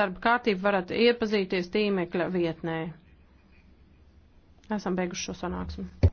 darba kārtību varat iepazīties tīmekļa vietnē. Esam beiguši šo sanāksmi.